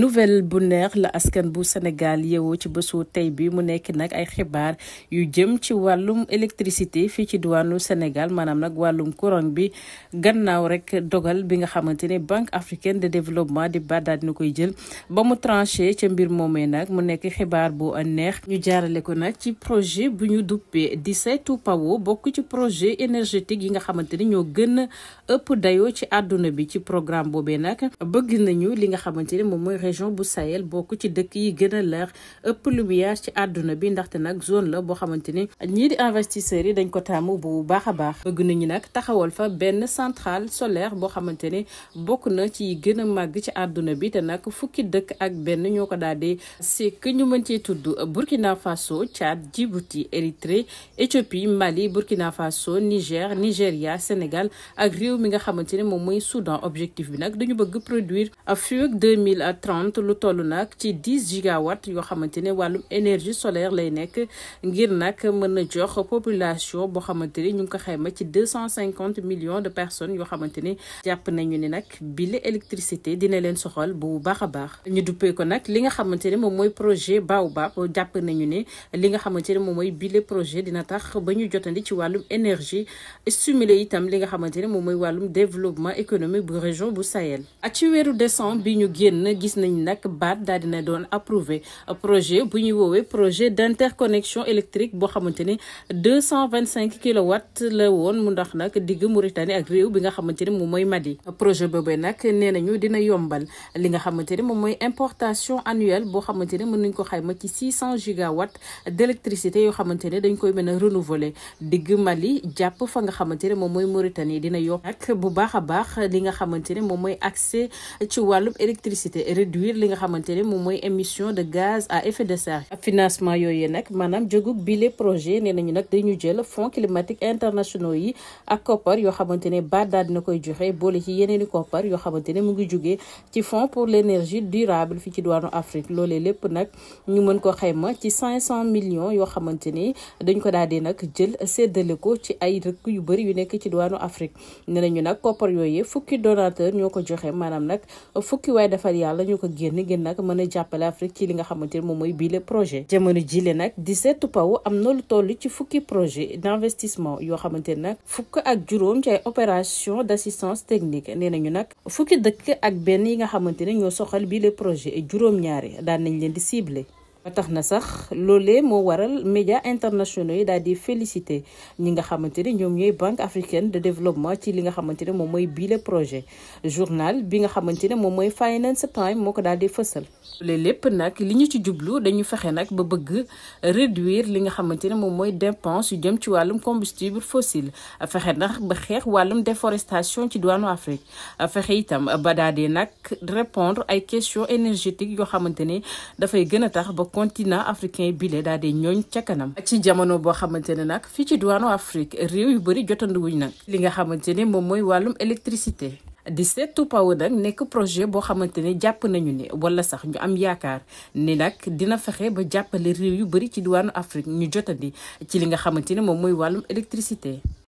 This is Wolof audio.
nouvelle bu neex la askan bu Sénégal yeewoo ci bésu tey bi mu nekk nag ay xibaar yu jëm ci wàllum électricité fii ci diwaanu Sénégal maanaam nag wàllum courant bi gannaaw rek dogal bi nga xamante ne Banque africaine de développement di badaad daal koy jël ba mu tranché ca mbir moomee nag mu nekk xibaar bu neex ñu jaarale ko nag ci projet bu ñu di 17 PAO bokk ci projet énergétique yi nga xamante ni ñoo gën ëpp dayoo ci àdduna bi ci programme boobee nag région bu Sahel bokk ci dëkk yi gën a leer ëpp lumière ci àdduna bi ndaxte nag zone la boo xamante ni ñii di investisseurs yi dañ ko taamu bu baax a baax bëgg nañu nag taxawal fa benn centrale solaire boo xamante ne bokk na ci gën a màgg ci àdduna bi te nag fukki dëkk ak benn ñoo ko daal di sikk ñu mën cee tudd Burkina Faso Tchad Djibouti Érythrée Éthiopie Mali Burkina Faso Niger Nigeria Sénégal ak réew mi nga xamante ne moom mooy Soudan objectif bi nag dañu trente lu toll nag ci dix gigawatt yoo xamante ne wàllum énergie solaire lay nekk ngir nag mën a jox population boo xamante ni ñu ngi ko xayma ci deux cent cinquante millions de personnes yoo xamante ni jàpp nañu ni nag bile électricité dina leen soxal bu baax a baax ñu duppee ko nag li nga xamante ne moom mooy projet Baobab jàpp nañu ne li nga xamante ne moom mooy bile projet dina tax ba ñu jotandi ci wàllum énergie stimuler itam li nga xamante ne moom mooy wàllum développement économique bu région bu Sahel. ak nañ nag baat daal dina doon approuvé projet bu ñuy woowee projet d' interconnexion électrique boo xamante ni deux cent vingt cinq kilowatts la woon mu ndax nag digg Mauritanie ak réew bi nga xamante ni moom mooy Mali projet boobee nag nee nañu dina yombal li nga xamante ni moom mooy importation annuelle boo xamante ni mën nañ ko ma ci six cent gigawatts d' électricité yoo xamante ne dañ koy mën a renouveler digg Mali jàpp fa nga xamante ne moom mooy Mauritanie dina yokk nag bu baax a baax li nga xamante ne moom mooy accès ci réduire li nga xamante ne moom mooy émission de gaz à de serre financement yooyu nag maanaam jógug bile projet nee nañu nag dañu jël fonds climatique internationaux yi ak koppar yoo xamante ne baat daal dina koy joxe boole ci yeneeni koppar yoo xamante ne mu ngi jógee ci fonds pour l'énergie durable fii ci diwaanu Afrique loole lépp nag ñu mën ko xayma ci cinq cent millions yoo xamante ni dañ ko daal di nag jël séddale ko ci ay rëkk yu bëri yu nekk ci diwaanu Afrique nee nañu nag koppar yooyu fukki donateur ñoo ko joxe maanaam nag ko génn gën nag mën a jàppale Afrique ci li nga xamante ne moom mooy bii projet jamono jile nag di set paw am na lu toll ci fukki projet d' investissement yoo xamante ne nag fukk ak juróom ci ay opération d' assistance technique nee nañu nag fukki dëkk ak benn yi nga xamante ne ñoo soxal bile le projet juróom-ñaari daan nañ leen di ciblé tax na sax loolee moo waral médias internationaux yi daal di félicité ñi nga xamante ne ñoom ñooy banque africaine de développement ci li nga xamante ne moom mooy bile projet journal bi nga xamante ne moom mooy Finance Time moo ko daal di fësal. loolee lépp nag li ñu ci jublu dañu fexe nag ba bëgg réduire li nga xamante ne moom mooy dépense yu jëm ci wàllum combustible fossile fexe nag ba xeex wàllum déforestation ci diwaanu Afrique fexe itam ba daal di nag répondre ay questions énergétiques yoo xamante ne dafay gën a tax ba. continent africain bile daal di ñooñ ca kanam ci jamono boo xamante ne nag fii ci diwaanu Afrique réew yu bëri jotanduwuñ nag li nga xamante ne moom mooy wàllum électricité di seetu paw nag nekk projet boo xamante ne jàpp nañu ni wala sax ñu am yaakaar ni nag dina fexe ba jàppale réew yu bëri ci diwaanu Afrique ñu jotandi ci li nga xamante ne moom mooy wàllum électricité